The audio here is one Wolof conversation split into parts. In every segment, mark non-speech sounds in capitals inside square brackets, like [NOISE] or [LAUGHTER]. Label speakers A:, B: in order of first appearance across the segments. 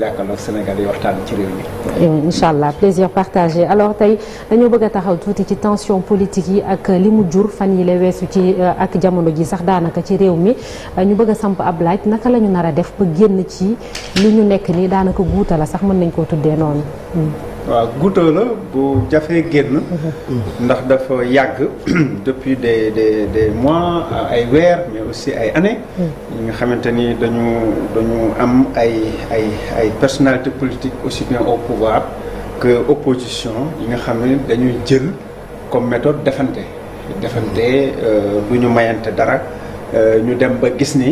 A: jàkkaarloog Sénégal yi waxtaan ci réew mi.
B: incha allah plaisir partage alors tey dañoo bëgg taxaw tuuti ci tension politique yi ak li mu jur fan yi la weesu ci euh, ak jamono ji sax daanaka ci réew mi euh, ñu bëgg samp ab laaj naka lañu ñu nar a def ba génn ci li ñu nekk nii daanaka guuta la sax mën nañ koo tuddee noonu. Hmm.
A: waaw guuta la bu jafee génn. ndax dafa yàgg [CLEARS THROAT] depuis des des des mois euh, ay weer mais aussi ay années. ñi nga xamante ni dañu dañu am ay ay ay personnalité politiques aussi bien au pouvoir que opposition yi nga xam ne dañuy jël comme méthode defante. defante bu euh, ñu mayante dara euh, ñu dem ba gis ni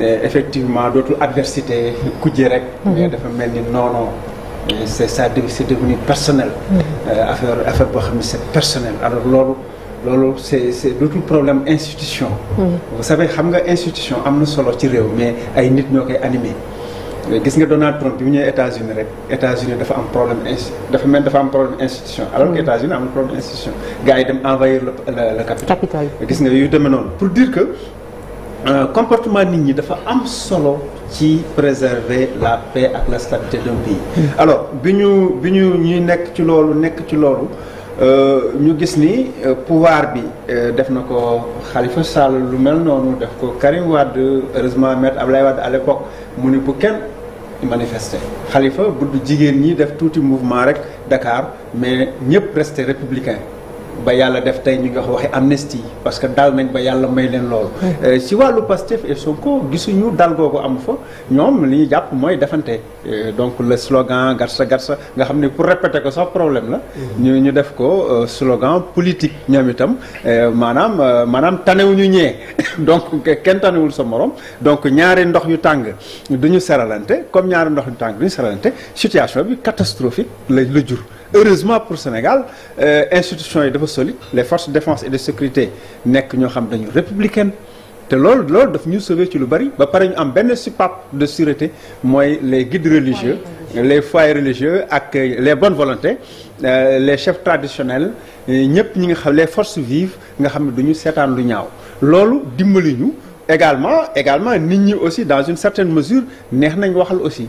A: effectivement dootul adversité kujje rek. Mm-hmm. mais dafa mel ni noonoo c' est ça personnel. Euh, affaire boo xam ne c' est personnel alors loolu loolu c' est c' est dootul problème institution. Mm. vous savez xam nga institution am na solo ci réew mais ay nit ñoo koy animé. Euh, gis nga Donald Trump bi mu ñëwee États-Unis rek États-Unis dafa am problème insti dafa mel dafa am problème institution. alors que mm. États-Unis amul problème institution. gars yi dem envahir le le le capital. gis nga yu demee noonu pour dire que Euh, comportement nit ñi dafa am solo ci préserver la paix ak la stabilité d'un pays hmm. alors bi ñu bi ñu ñuy nekk ci loolu nekk ci loolu euh, ñu gis ni euh, pouvoir bi def na ko Khalifa Sall lu mel noonu def ko Karim Wade heureusement ab Abdoulaye Wade à l'époque mu ni bu kenn manifester xalifa bu jigéen ñi def tuuti mouvement rek Dakar mais ñëpp rester républicain ba yàlla def tey ñu ngi wax waxi amnistie parce que dal nañ ba yàlla may leen loolu. Euh, si wàllu Pastef et Sonko gisuñu dal ko am fa ñoom li ñu jàpp mooy defante euh, donc la slogan garsa garsa nga xam ne pour répéter ko sax problème la. ñu ñu def ko euh, slogan politique ñoom itam maanaam maanaam tanewuñu ñee [LAUGHS] donc kenn tanewul sa morom donc ñaari ndox yu tàng du seralante comme ñaari ndox yu tàng du seralante situation bi catastrophique la la jur. heureusement pour Sénégal euh, institution yi dafa soli les forces de défense et de sécurité nekk ñoo xam dañu républicaine te loolu lool daf ñu sauver ci lu bari ba pare ñu am benn soupape de sûreté mooy les guides religieux les foyers religieux ak euh, les bonnes volontés euh, les chefs traditionnels ñëpp ñi nga xam les forces vives nga xam ne du seetaan lu ñaaw loolu dimbali ñu également également nit ñi aussi dans une certaine mesure neex nañ waxal aussi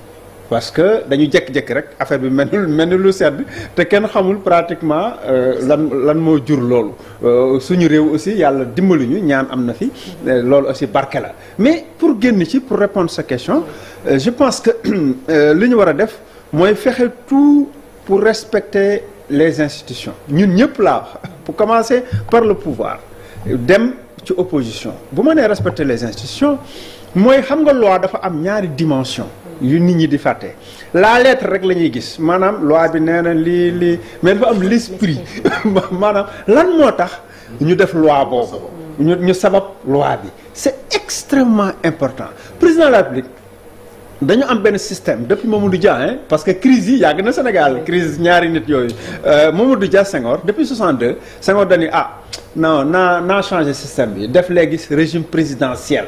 A: parce que dañu jékki-jékki rek affaire bi mel mel ni lu sedd te kenn xamul pratiquement euh, lan lan moo jur loolu euh, suñu réew aussi yàlla dimbali ñu ñaan am na fi euh, loolu aussi barke la mais pour génn ci pour répondre sa question je pense que [CLEARS THROAT] li ñu war a def mooy fexe tout pour respecter les institutions ñun ñëpp laa wax [LAUGHS] pour commencer par le pouvoir dem ci opposition bu ma nee respecter les institutions mooy xam nga loi dafa am ñaari dimension yu nit ñi di fàtte la lettre rek la ñuy gis maanaam loi bi nee na lii lii mais dafa am l'esprit [LAUGHS] maanaam lan moo tax ñu def loi boobu ñu ñu sabab loi bi c'est extrêmement important président de la République dañu am benn système depuis Mamadou du hein parce que crise yi yàgg na Sénégal crise ñaari nit yooyu euh, du Dia Senghor depuis 62 Senghor dañu ah non naa naa changé système bi def léegi régime présidentiel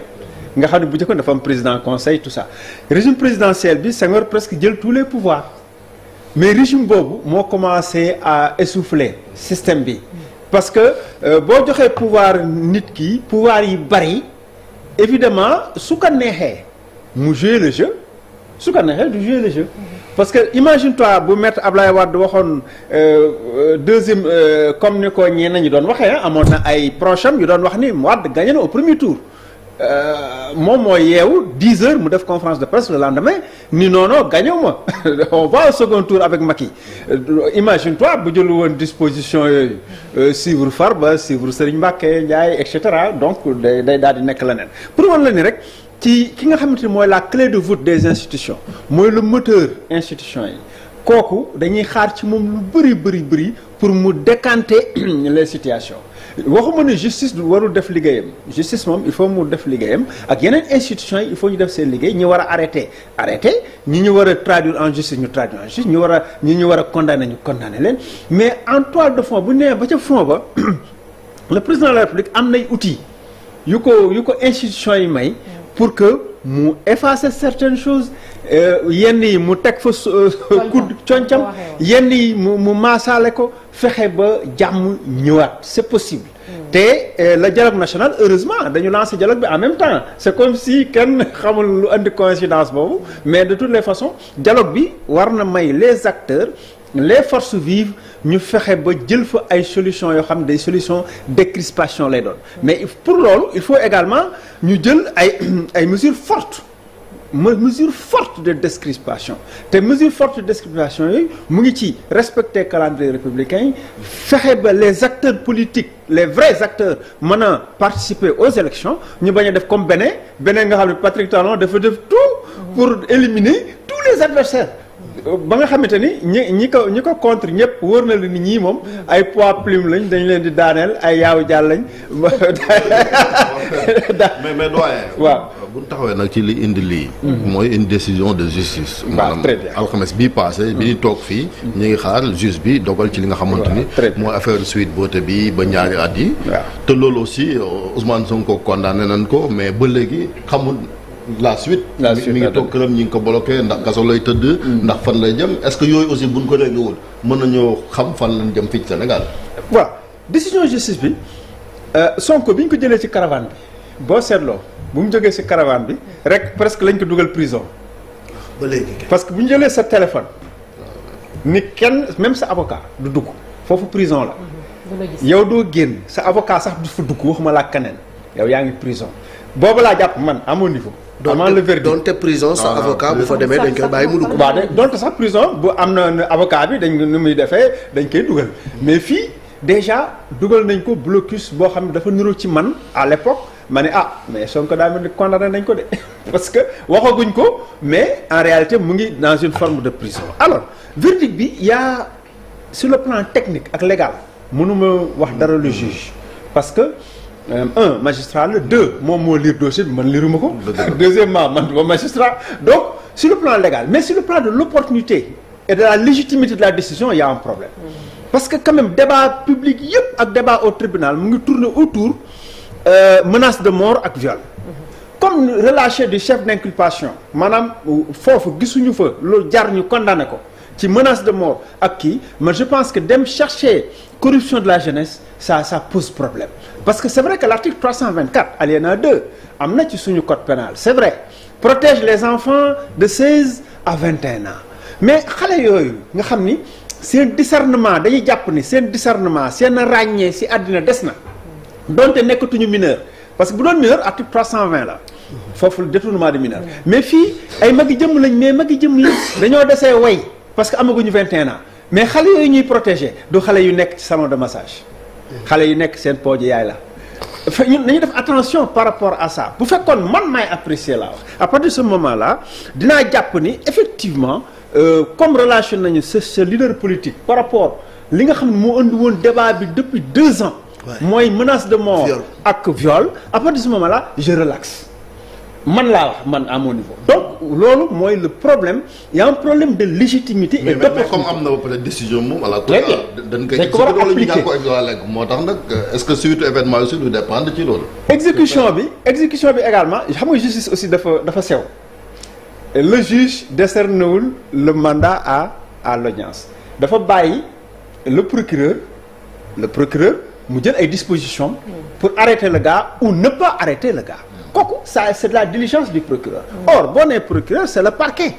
A: nga xam ne bu njëkkoon dafa am président conseil tout ça régime présidentiel bi Senghor presque jël tous les pouvoirs mais régime boobu moo commencé à essouffler système bi parce que euh, boo joxee pouvoir nit ki pouvoir yi bari évidemment su ko mu jouer le jeu su ko neexee du jouer parce que imagine toi bu maître Ablaye Wade waxoon euh, euh, deuxième comme ni ko ñenn ñi doon waxee amoon na ay prochains yu doon wax ni Wade gagné na au premier tour Euh, moom mooy yeewu 10 heures mu def conférence de presse le lendemain ni non non gagné ma [LAUGHS] on va au second tour avec Macky euh, imagine toi bu jëlu woon disposition yooyu euh, suivre Farba suivre Serigne Mbacké Ndiaye et cetera donc day day daal di nekk leneen pour wan la ni rek ci ki nga xamante ni mooy la clé de voûte des institutions mooy le moteur institution yi. kooku dañuy xaar ci moom lu bëri bëri bëri pour mu dekante [CLEARS THROAT] les situation waxuma ne justice du warul def liggéeyam justice moom il faut mu def liggéeyam ak yeneen institutions yi il faut ñu def seen liggéey ñi war a arrêté arrêté ñi ñu war a traduire en justice ñu traduire en justice ñu war a ñi ñu war a condamné ñu condamné leen mais en toile de fond bu neex ba ca fond ba [CLEARS THROAT] le président la république am nay outils yu ko yu ko institutions yi may pour que Eh, yenn yi mu teg fa eh, kudd concam yenn yi mu mu maasaale ko fexe ba jàmm ñëwaat c'est possible hmm. te eh, la dialogue national heureusement dañu lancé dialogue bi en même temps c'est comme si kenn [LAUGHS] xamul lu indi coïncidence boobu mais de toutes les façons dialogue bi war na may les acteurs les forces vives ñu fexe ba jël fa ay solutions yoo xam des solutions de crispation lay doon hmm. mais pour loolu il faut également ñu jël ay [CLEARS THROAT] ay mesures fortes mesure forte de décrispation te mesure forte de décrispation yi mu ngi ci respecte calendrier républicain yi fexe ba les acteurs politiques les vrais acteurs mën a participer aux élections ñu bañ a def comme beneen beneen nga xam ne Patrick Talon dafa def tout pour éliminer tous les adversaires ba nga xamante ni ñi ñi ko ñi ko contre ñëpp wër na la ni ñii moom mm. ay poids plume lañ dañu leen di daaneel ay yaaw jàll lañ. [LAUGHS] mais mais doyen. waaw bu ñu taxawee nag ci li indi lii. Mm-hmm. mooy une décision de justice. maanaam alxames bii passé bi ñu mm-hmm. toog fii. ñu ngi xaar juge bi dogal ci li nga xamante ni. mooy affaire Sweet Beauté bi ba ñaari at yi. te loolu aussi euh, Ousmane Sonko condamné nañ ko mais ba léegi xamul. la suite. la suite mi ngi toog këram ñi ngi ko bloqué ndax kaso lay tëdd. Mm. ndax fan lay jëm est-ce que yooyu aussi buñ ko réglewul mën nañoo xam fan lañ jëm fii ci Sénégal. waaw décision justice bi euh, Sonko bi ñu ko jëlee ci caravane bi boo seetloo bu mu jógee ci caravane bi rek presque lañ ko dugal prison. ba léegi parce que bu ñu jëlee sa téléphone. ni kenn même sa avocat du dugg foofu prison la. Mm-hmm. yow doo génn sa avocat sax du fa dugg waxuma laa keneen yow yaa ngi prison. booba laa jàpp man à mon niveau. avant le verdict donte prison sa avocat bu fa demee dañ koy bàyyi mu dugg. waaw de donte sax prison bu am na avocat bi dañ nu muy defee dañ koy dugal mais fii déjà dugal nañ ko blocus boo xam ne dafa niru ci man à l'époque ma ne ah mais Sonko daa mel ni condamné nañ ko de [LAUGHS] parce que waxaguñ ko mais en réalité mu ngi dans une forme de prison alors verdict bi yaa sur le plan technique ak légal mënuma wax dara le juge parce que. Euh, un magistrat la deux moom moo lire dossier bi man liruma ko deuxièmement man duma magistrat donc sur le plan légal mais sur le plan de l'opportunité et de la légitimité de la décision il un problème parce que quand même débat public yëpp ak débat au tribunal mu ngi tourner autour euh, menace de mort ak viol comme relâché du chef d'inculpation maanaam foofu gisuñu fa loolu jar ñu condamné ko ci menace de mort ak kii ma je pense que dem chercher corruption de la jeunesse ça ça pose problème parce que c'est vrai que l'article 324 alinéa 2 am na ci suñu code pénal c'est vrai protège les enfants de 16 à 21 ans mais xale yooyu nga xam ni seen discernement dañuy jàpp ni seen discernement seen ràññee si àddina des na donte nekkatuñu mineur parce que bu doon mineur article 320 la foofu détournement de mineur mm. mais fii ay magi jëm lañ mais magi jëm lañ dañoo desee way parce que amaguñu 21 ans mais xale yooyu ñuy protégé du xale yu nekk ci salon de massage xale yu nekk seen pooju yaay la fe ñun nañu def attention par rapport à sa bu fekkoon man maay apprécier la wax à partir de ce moment là dinaa jàpp ni effectivement euh, comme relation nañu sa sa leader politique par rapport li nga xam ne moo indi woon débat bi depuis deux ans mooy menace de mort ak viol à partir de ce moment là je relaxe man laa wax man à mon niveau donc loolu mooy le problème yaa problème de légitimité et d'opportunité am na ba peut-être décision moom voilà a moo tax nag euh, est-ce que surtout événement aussi du dépendre ci loolu exécution bi exécution bi également xam nga justice aussi dafa dafa sew le juge décernewul le mandat à à l'audience dafa bàyyi le procureur le procureur mu jël ay dispositions pour arrêter le gars ou ne pas arrêter le gars kooku ça c'est de la diligence du procureur or boo nee procureur c'est le parquet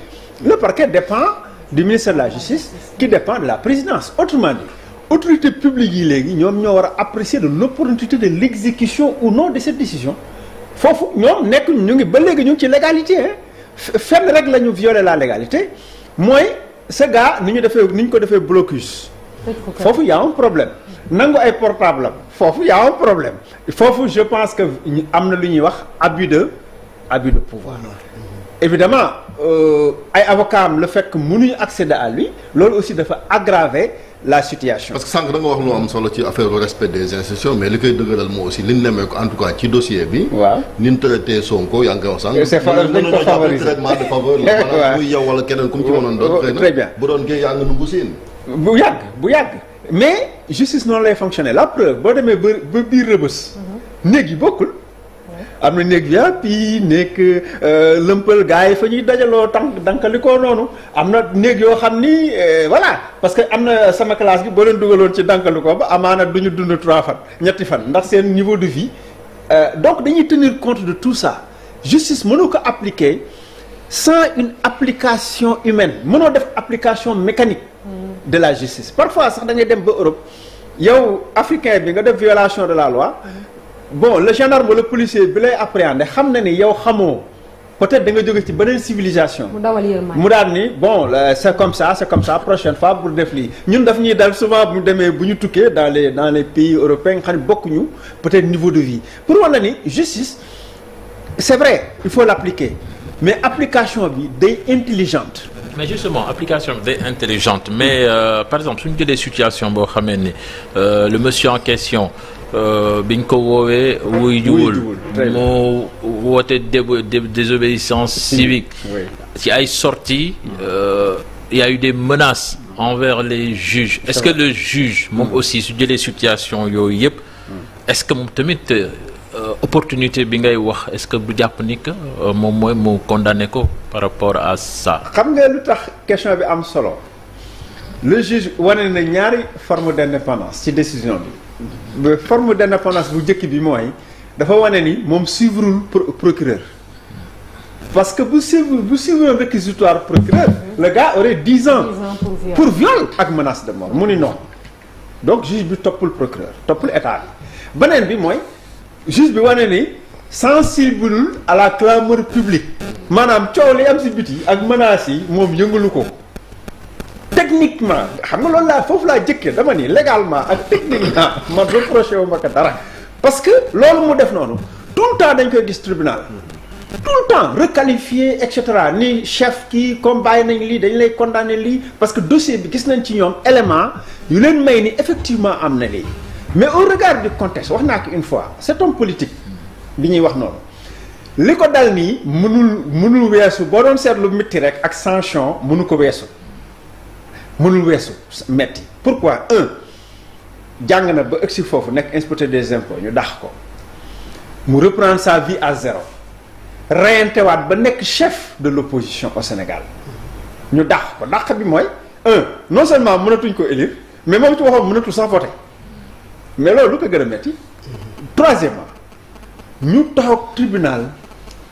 A: le parquet dépend du ministère de la justice qui dépend de la présidence autrement dit autorité publique yi léegi ñoom ñoo war a apprécier de l'opportunité de l'exécution ou non de cette décision foofu ñoom nekk ñu ngi ba léegi ñu ngi ci légalité fenn rek la ñu violer la légalité mooy ce gars ni ñu defee ni ñu ko defee blocus foofu y a un problème nangu ay portable am foofu y a problème foofu je pense que am na lu ñuy wax abus de abus de pouvoir évidemment euh, ay avocat am le fait que mënuñu accéder à lui loolu aussi dafa aggraver la situation. parce que sànq da nga wax lu am solo ci affaire respect des institutions mais li koy dëgëral moo aussi li nemee ko en tout cas ci dossier bi. waaw ni ñu traité Sonko yaa ngi wax sànq. [LAUGHS] muy yow wala keneen ku mu ci mënoon doon. très bien bu doon kii yaa ngi nu mais justice noonu lay fonctionner la boo demee ba ba biir rëbës. néeg yi bokkul. am na néeg VIP néeg euh, lëmpal gars yi fa ñuy dajaloo tànk dankalikoo noonu am na néeg yoo xam ni euh, voilà parce que am na sama classe bi boo leen dugaloon ci dankalikoo ba amaana du ñu dund trois fan ñetti fan ndax seen niveau de vie. Euh, donc dañuy tenir compte de tout ça justice mënoo ko appliquer sans une application humaine mënoo def application mécanique. Hmm. de la justice parfois sax da ngay dem ba Europe yow africain bi nga def violation de la loi bon le gendarme le policier bi lay appréhender xam na ni yow xamoo peut-être da nga jóge ci beneen civilisation. mu
B: dawal mu
A: daal ni bon euh, c'est comme ça c'est comme ça prochaine fois pour def lii ñun daf ñuy dal souvent bu ñu demee bu ñu tukkee dans le dans les pays européens nga xam ne bokkuñu peut-être niveau de vie pour wala ni justice c'est vrai il faut l'appliquer. mais application bi day intelligente. mais justement application bi day mais euh, par exemple suñu jëlee situation boo xamee ni euh, le monsieur en question. Euh, biñ ko woowee wuy juwul moo woote désobéissance civique ci ay sorti euh, il yaa a eu des menaces envers les juges est-ce que le juge moom mm. aussi su jëlee situation yooyu yëpp mm. est-ce que moom tamit Euh, opportunité bi ngay wax est-ce que du jàpp ni que euh, moom mooy mu condamné ko par rapport à sa xam nga lu tax question bi am solo le juge wane na ñaari forme d'indépendance ci décision bi forme d'indépendance bu njëkk bi mooy dafa wane ni moom suivrul procureur parce que bu suivre bu suivre réquisitoire procureur. le gars aurait dix ans. pour viol ak menace de mort mu ni non donc juge bi toppul procureur toppul état bi beneen bi mooy. juge bi wane ni sensible à la clameur publique maanaam coow li am si biti ak menaces yi moom yëngalu ko techniquement xam nga loolu laa foofu laa jëkkee dama ni légalement ak techniquement [LAUGHS] man reproché wu ma ko dara parce que loolu mu def noonu tout le temps dañ koy gis tribunal tout le temps requalifié et cetera ni chef kii comme nañ lii dañ lay condamné lii parce que dossier bi gis nañ ci ñoom élément yu leen may ni effectivement am na lii mais au regard du contexte wax naa ko une fois cet homme politique bi ñuy wax noonu li ko dal nii mënul mënul weesu boo doon seetlu métti rek ak sanction mënu ko weesu mënul weesu métti pourquoi un jàng na ba si foofu nekk inspecteur des impôts ñu dax ko mu reprendre sa vie à zéro reyantewaat ba nekk chef de l'opposition au Sénégal ñu dàq ko dàq bi mooy un non seulement mënatuñ ko élire mais moo ci waxoon mënatul sax voter mais loolu lu ko gën a metti troisièmement ñu taxaw tribunal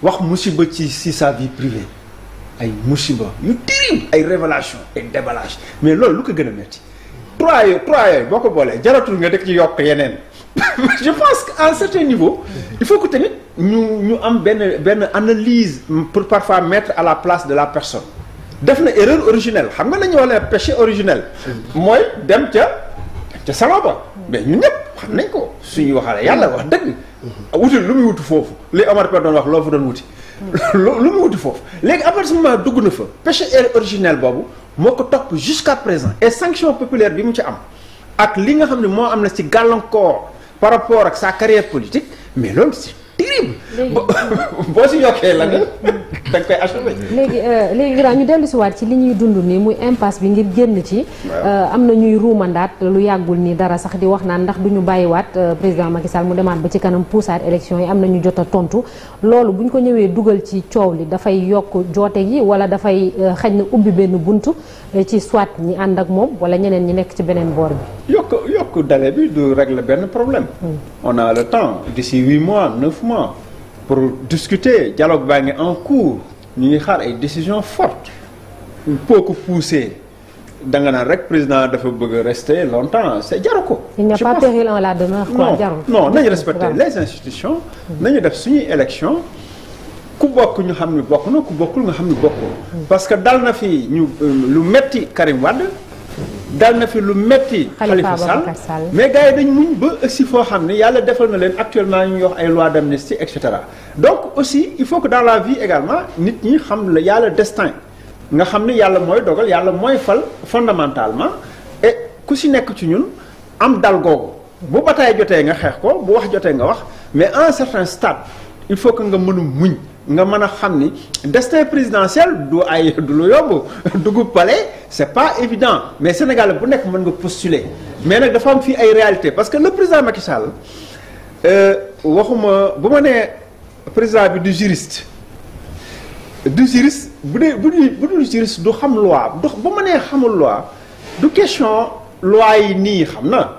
A: wax musiba ci ci sa vie privée ay musiba yu terrible ay révélation ay déballage mais loolu lu ko gën a metti trois yooyu trois yooyu boo ko boolee jaratul nga dëkk ci yokk yeneen [LAUGHS] je pense que à un certain niveau il faut que tamit ñu ñu am benn benn analyse pour parfois mettre à la place de la personne def na erreur originelle xam nga nañu wax ne péché originel mm. mooy dem ca sama salon ba mais ñun ñëpp xam nañ ko suñuy waxaale yàlla wax dëgg. wuti lu muy wuti foofu li Omar Pène doon wax loo doon wuti. [LAUGHS] lu mu wuti foofu léegi à partir du dugg na fa péché originel boobu moo ko topp jusqu'à présent et sanction populaire bi mu ci am ak li nga xam ne moo am na ci gàllankoor par rapport ak sa carrière politique mais loolu si [LAUGHS] boo si yokkee la [LAUGHS] danga koy acheter. léegi
B: euh, léegi grand ñu dellu si waat ci li ñuy dund nii muy impasse bi ngir génn ci. Euh, am na ñuy ruumandaat lu yàggul nii dara sax di wax naan ndax du ñu bàyyiwaat euh, président Macky Sall mu demaat ba ci kanam puusaat élection yi am na ñu jot a tontu loolu bu ñu ko ñëwee dugal ci coow li dafay yokk joote gi wala dafay xaj na ubbi benn buntu ci soit ñi ànd ak moom wala ñeneen ñi nekk ci beneen boor bi.
A: yokk problème. Hmm. pour discuter jaloog baa ngi en cours ñu ngi xaar ay décisions fortes pour que poussé da nga rek président dafa bëgg rester longtemps c'est jaru ko.
B: il n'y a pas péril en la demeure. quoi respecter
A: les institutions. nañu def suñuy élection ku bokk ñu xam ne bokk na ku bokkul nga xam ne bokkul. Mm. parce que dal na fi ñu euh, lu metti Karim Wade. dal na fi lu metti Khalifa Sall mais gars yi dañ muñ ba si foo xam ne yàlla defal na leen actuellement ñu wax ay loi d'amnistie et cetera donc aussi il faut que dans a vie également nit ñi xam la yàlla destin nga xam ne yàlla mooy dogal yàlla mooy fal fondamentalement et ku si nekk ci ñun am dal googu bu bataay jotee nga xeex ko bu wax jotee nga wax mais à un certain stade il faut que nga mën a muñ nga mën a xam ni destin présidentiel du ay du lu yomb [LAUGHS] dugub palais c'est pas évident mais Sénégal bu nekk mën nga postuler mais nag dafa am fii ay réalité parce que le président Macky Sall euh, waxuma bu ma nee président bi du juriste du juriste bu dee bu du xam loi du bu ma nee xamul loi du question loi yi nii xam na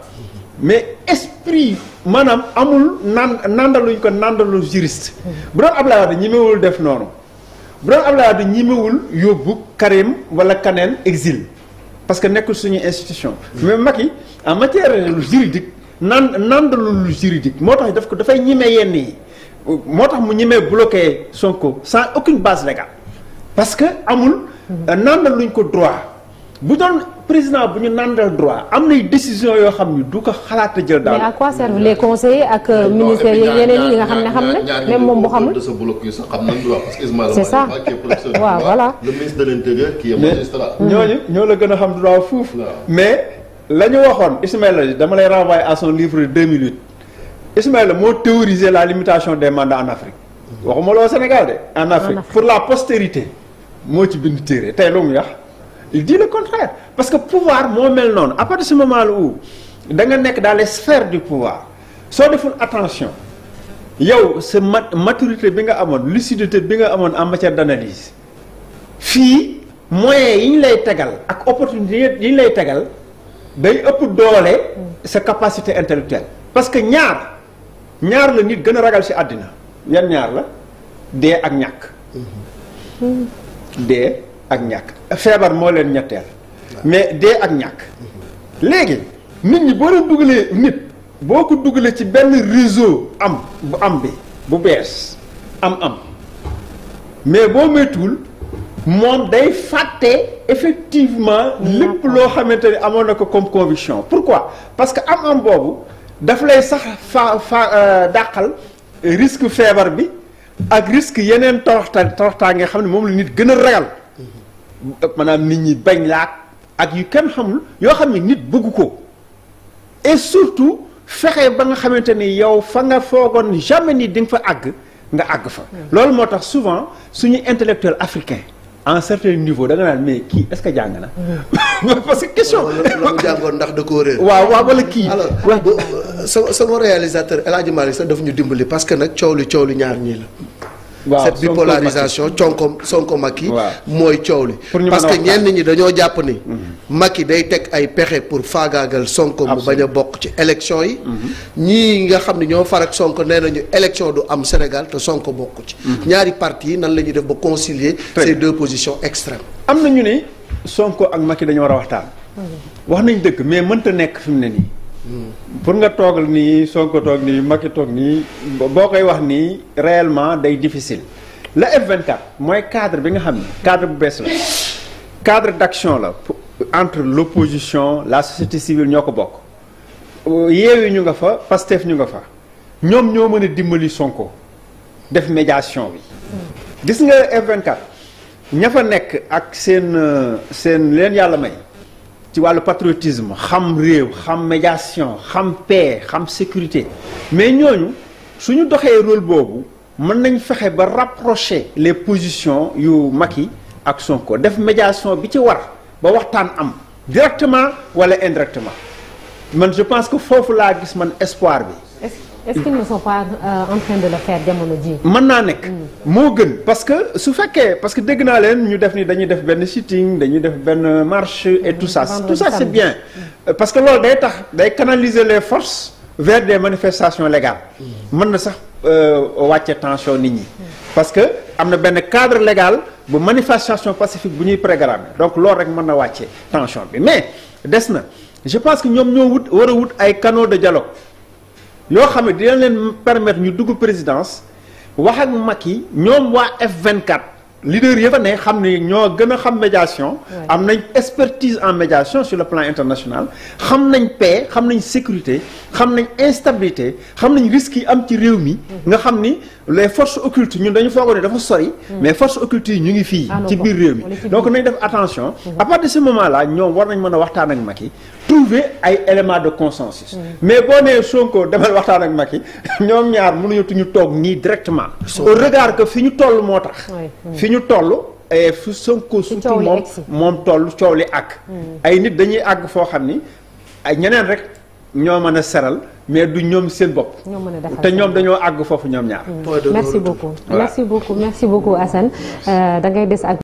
A: mais esprit maanaam amul naan nandaluñ ko nandalu juriste hmm. bu doon Abdoulaye Wade ñimewul def noonu bu doon Abdoulaye Wade ñimewul yóbbu Karim wala kaneen exil parce que nekkul suñu institution hmm. mais Macky en matière juridique naan nandalu lu juridique moo tax daf ko dafay ñime yenn yi moo tax mu ñimee bloqué Sonko sans aucune base légale parce que amul hmm. nandaluñ ko droit bu doon président bu ñu nandal droit am nay décision yoo xam ni du ko xalaat a jël daal. mais à
B: quoi servent les conseillers ak euh, ministères yi yeneen nga xam ne xam ne même moom
A: bu xamul. c'est ça waaw voilà. le ministre ñoo la gën a xam droit fuuf. mais la ñu waxoon Ismaïla dama lay renvoyer à son livre de 2008 Ismaïla moo théorisé la limitation des mandats en Afrique. Mhm. waxuma loo Sénégal de. en Afrique pour la postérité moo ci bind téere tey lu mu wax. il dit contraire parce que pouvoir moo mel noonu à partir du moment où da nga nekk dans les sphères du pouvoir soo deful attention yow sa maturité bi nga amoon lucidité bi nga amoon en matière d'analyse fii moyens yi ñu lay tegal ak opportunité yi ñu lay tegal day ëpp doole sa capacité intellectuelle parce que ñaar ñaar la nit gën a ragal ci àddina yan ñaar la dee ak ñàkk
B: mm-hmm.
A: dee ak ñàkk feebar moo leen ñetteel mais dee ak ñàkk léegi nit ñi boo leen dugalee nit boo ko dugalee ci benn réseau am bu am bi bu bees am am mais boo moytuwul moom day fàtte effectivement lépp loo xamante ni amoon na ko comme conviction pourquoi parce que am am boobu daf lay sax fa fa euh, dàqal risque feebar bi ak risque yeneen toroxta toroxtaa nga xam ne moom la nit gën a ragal maanaam nit ñi bañ laa ak yu kenn xamul yoo xam ne nit bëgg ko et surtout fexe ba nga xamante ni yow fa nga foogoon jamais ni di nga fa àgg nga àgg fa. loolu moo tax souvent suñu intellectuel africain en un certain niveau da nga naan kii est-ce que jàng na. [LAUGHS] parce que question. la mu jàngoon ndax da koo réer. waaw waaw wala kii. alors euh, sama sama réalisateur El Hadj Malick sax daf ñu dimbali parce que nag coow li coow li ñaar ñii la. cette bipolarisation conkom Sonko Macky mooy coow li parce que ñenn ñi dañoo jàpp ni mhm. Macky day teg ay pexe pour faagaagal sonk mu bañ a bokk ci élection yi mhm. ñii nga xam ne ñoo far ak Sonko nee nañu élection du am Sénégal te Sonko bokk ci mhm. ñaari parti yi nan la ñuy def ba concilier ces deux positions extrêmes am na ñu ne Sonko ak Macky dañoo war a waxtaan wax nañ dëkk mais mënta nekk fi mu ne nii pour nga toogal nii Sonko toog nii Macky nii boo koy wax nii réellement day difficile. la F24 mooy cadre bi nga xam ne cadre bu bees la cadre d'action la entre l'opposition la société civile ñoo ko bokk. yeewi ñu nga fa Pastef ñu nga fa ñoom ñoo mën a dimbali Sonko def médiation bi. gis nga F24 ña fa nekk ak seen seen leen yàlla may. ci wàllu patriotisme xam réew xam médiation xam paix xam sécurité mais ñooñu suñu doxee rôle boobu mën nañ fexe ba rapprocher les positions yu mag yi ak Sonko def médiation bi ci war ba waxtaan am directement wala indirectement man je pense que foofu laa gis man espoir bi
B: est-ce qu'ils ne sont pas euh, en
A: mën naa nekk. Mm. moo gën parce que su fekkee parce que dégg naa leen ñu def nii dañuy def benn sitting dañuy def benn marché et mm. tout ça tout ça c'est bien mm. euh, parce que loolu day tax day canaliser les forces vers des manifestations légales mën na sax euh, wàcce tension nit ñi parce que am na benn cadre légal bu manifestation pacifique bu ñuy programme donc loolu rek mën na wàcce tension bi mais des na je pense que ñoom ñoo wut war a wut ay canaux de dialogue yoo xam ne dina leen permettre ñu dugg présidence wax ak Macky ñoom waa F24 leader yi fa ne xam ne ñoo gën a xam médiation. am nañ expertise en médiation sur le plan international. xam nañ paix xam nañ sécurité xam nañ instabilité xam nañ risques yi am ci réew mi. nga xam ni les forces occultes ñun dañu foogoo ne dafa sori. Mm. mais forces occultes yi ñu ngi fii. Ah, ci biir réew mi donc nañ def attention. Mm-hmm. à partir de ce moment là ñoom war nañ mën a waxtaan ak Macky trouver ay éléments de consensus. Mm. mais boo nee Sonko demal waxtaan ak Macky [LAUGHS] ñoom ñaar mënuñu tuñu toog nii directement. ñu toll moo tax. ñu toll e fu Sonko surtout moom moom toll coow li ak mm. ay nit dañuy àgg foo xam ni ay ñeneen rek ñoo mën a seral mais du ñoom seen bopp. te ñoom dañoo àgg foofu ñoom ñaar. Mm. merci beaucoup merci
B: beaucoup merci beaucoup euh, des ak.